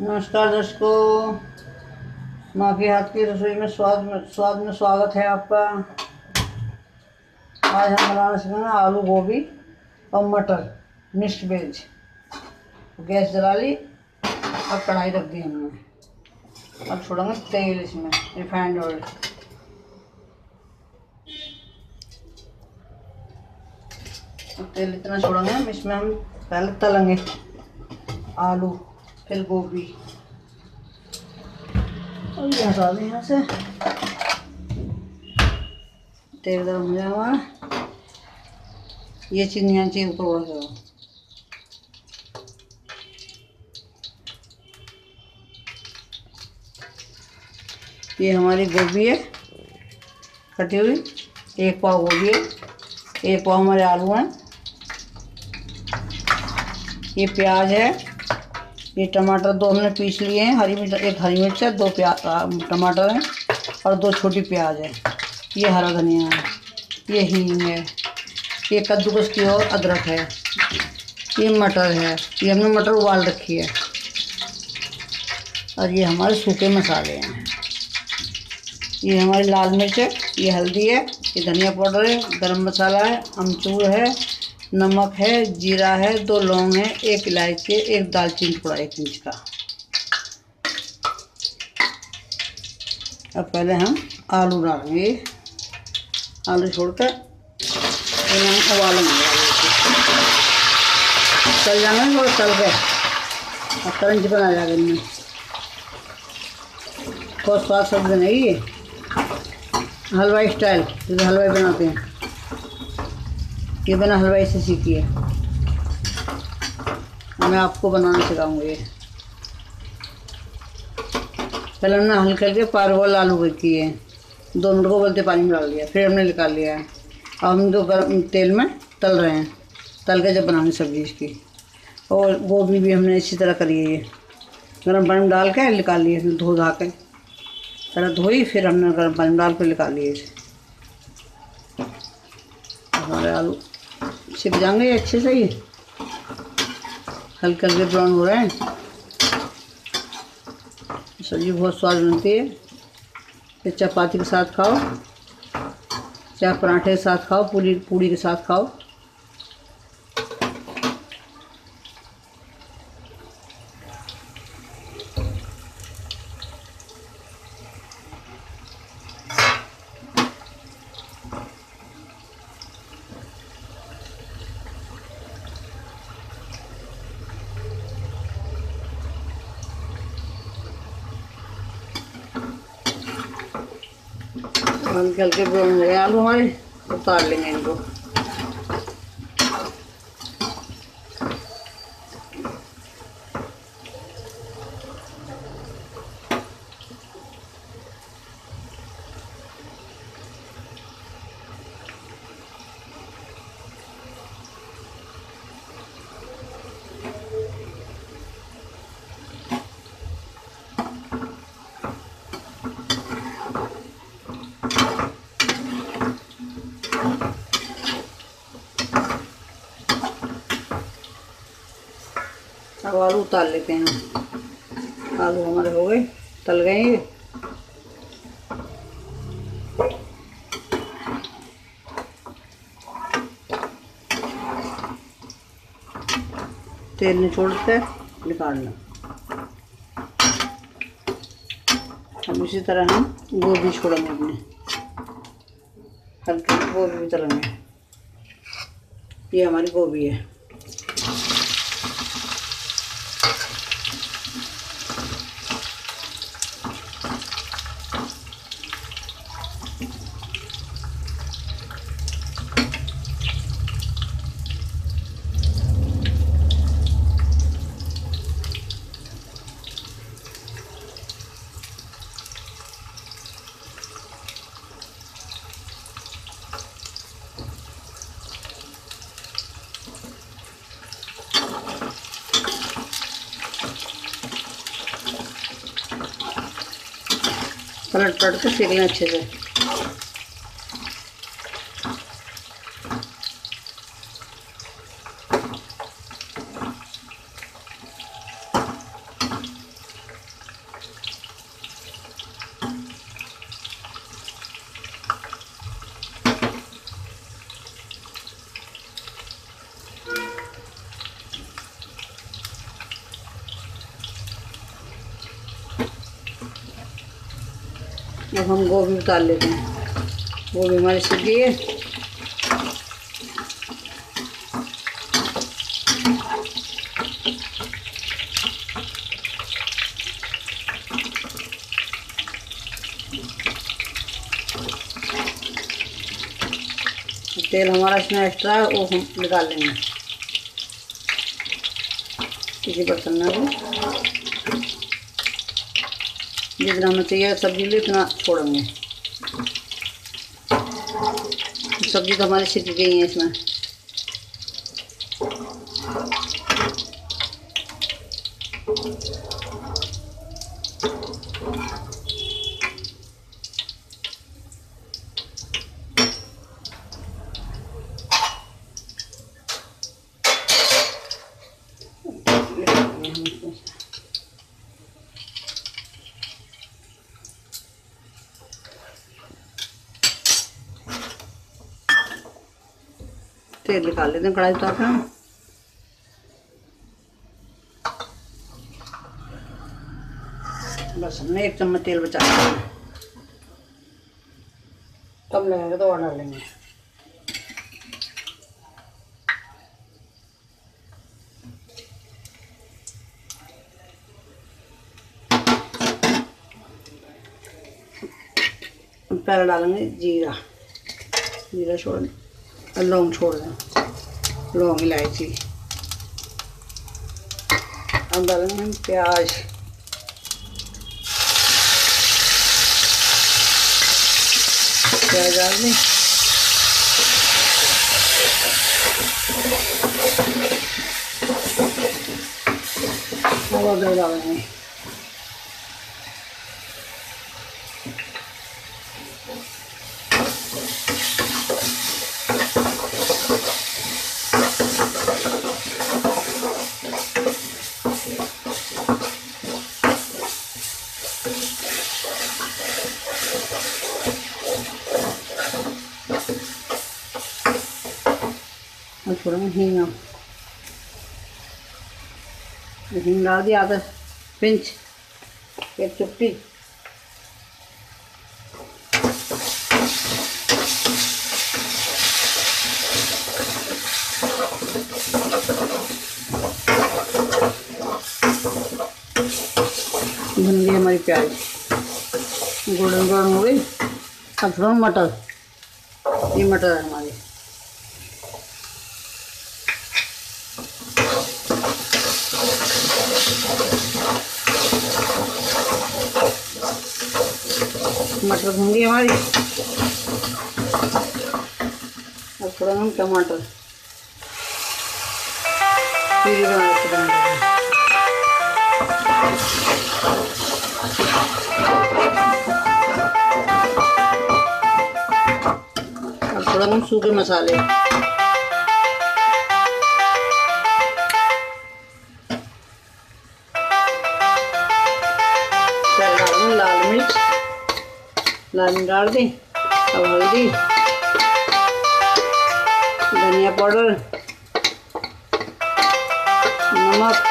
नमस्कार दर्शकों माँ के हाथ की रसोई में स्वाद में स्वाद में स्वागत है आपका आज हम बनाना सीख रहे आलू गोभी और मटर मिक्स वेज तो गैस जला ली और कढ़ाई रख दी हमने अब छोड़ेंगे तेल इसमें रिफाइंड ऑयल तेल इतना छोड़ेंगे इसमें हम पहले तलेंगे आलू फिर गोभी ये हटा दें यहाँ से तेल गर्म हो ये चाहिए जाओ ये हमारी गोभी है कटी हुई एक पाव गोभी है एक पाव हमारे आलू हैं ये प्याज है ये टमाटर दो हमने पीस लिए हैं हरी मिर्च एक हरी मिर्च है दो प्याज टमाटर है और दो छोटी प्याज है ये हरा धनिया है ये हींग है ये कद्दूकस की और अदरक है ये मटर है ये हमने मटर उबाल रखी है और ये हमारे सूखे मसाले हैं ये हमारी लाल मिर्च है ये हल्दी है ये धनिया पाउडर है गरम मसाला है अमचूर है नमक है जीरा है दो लौंग है एक इलायची एक दालचीनी थोड़ा एक इंच का अब पहले हम आलू डालेंगे आलू छोड़कर पहले हम उबालेंगे तल जाएंगे थोड़ा तल गए और करंच बना जाएगा इनमें बहुत स्वाद सब्जी नहीं है हलवाई स्टाइल जैसे हलवाई बनाते हैं ये मैंने हलवाई से सीखी है मैं आपको बनाना सिखाऊंगी पहले हमने हल करके पारवल आलू किए दो मिनट को बोलते पानी में डाल दिया फिर हमने निकाल लिया है अब हम तो गर्म तेल में तल रहे हैं तल के जब बनानी सब्जी इसकी और गोभी भी हमने इसी तरह करी है ये गर्म पानी में डाल के निकाल लिए धो धा के पहले धोई फिर हमने गर्म पानी डाल के निकाल लिए इसे हमारे आलू छिप जाएंगे अच्छे से ये हल्के हल्के ब्राउन हो रहे हैं सब्जी बहुत स्वाद बनती है तो चपाती के साथ खाओ चाहे पराठे के साथ खाओ पूरी पूड़ी के साथ खाओ हल्के हल्के आलू हमारे उतार लेंगे इनको अब आलू उतार लेते हैं आलू हमारे हो गए तल गए ये तेल निचोड़ते निकालना अब इसी तरह हम गोभी छोड़ेंगे अपने हल्की गोभी भी तलेंगे ये हमारी गोभी है పలాట్ పడుతూ సిగ్నల్ వచ్చేసారు अब हम गोभी उतार लेते हैं गोभी हमारी सूख गई है तेल हमारा इसमें एक्स्ट्रा है वो हम निकाल लेंगे किसी बर्तन में भी जितना हमें चाहिए सब्जी भी इतना छोड़ेंगे सब्जी तो हमारी सिक गई है इसमें Thank you. तेल निकाल लेते हैं कढ़ाई उतार हम बस हमने एक चम्मच तेल बचा लिया कम लगेगा तो और डाल लेंगे पहले डालेंगे जीरा जीरा छोड़ और लौंग छोड़ दें लौंग इलायची अब डालेंगे हम प्याज प्याज डाल दें अब डालेंगे और तो थोड़ा मैं हींग हींग डाल दिया आधा पिंच एक चुप्पी भुन गई हमारी प्याज गोल्डन ब्राउन हो गई अब थोड़ा मटर ये मटर है हमारा मटर होंगे हमारी और थोड़ा हम टमाटर थोड़ा हम सूखे मसाले नारियल डाल दें और हल्दी धनिया पाउडर नमक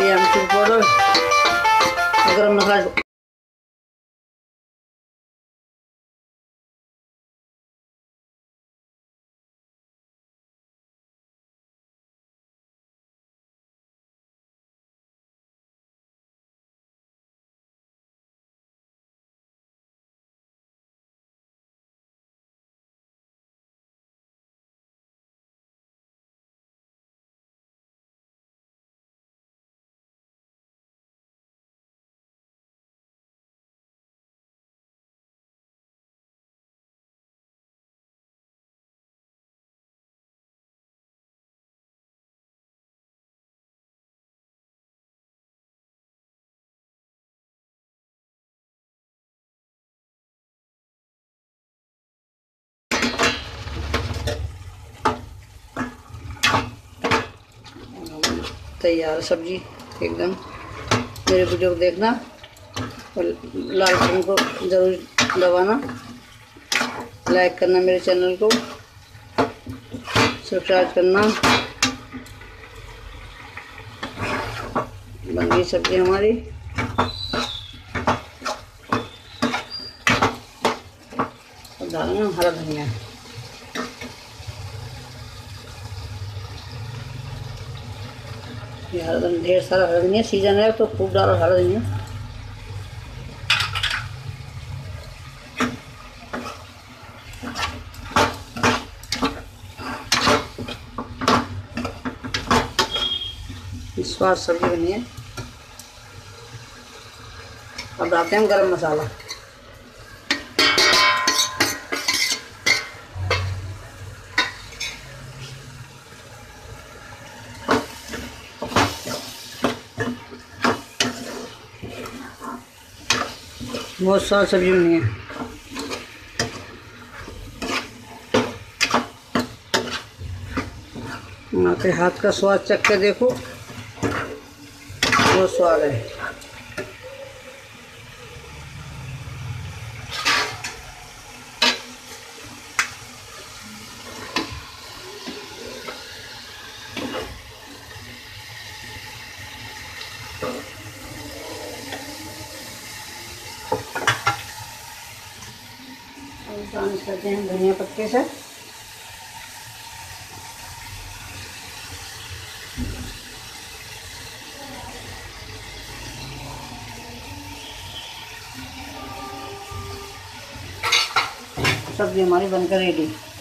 ये आमचूर पाउडर गरम मसाला तैयार सब्जी एकदम मेरे वीडियो को देखना और लाल बटन को ज़रूर दबाना लाइक करना मेरे चैनल को सब्सक्राइब करना बन गई सब्जी हमारी डालना हरा धनिया ये हरदम ढेर सारा हरा धनिया सीजन है तो खूब डालो हरा धनिया स्वाद सब्जी बनी है अब डालते हैं गरम मसाला बहुत सारा सब्जी बनी है हाथ का स्वाद चख देखो बहुत स्वाद है गार्निश करते हैं धनिया पत्ते से सब्जी हमारी बनकर रेडी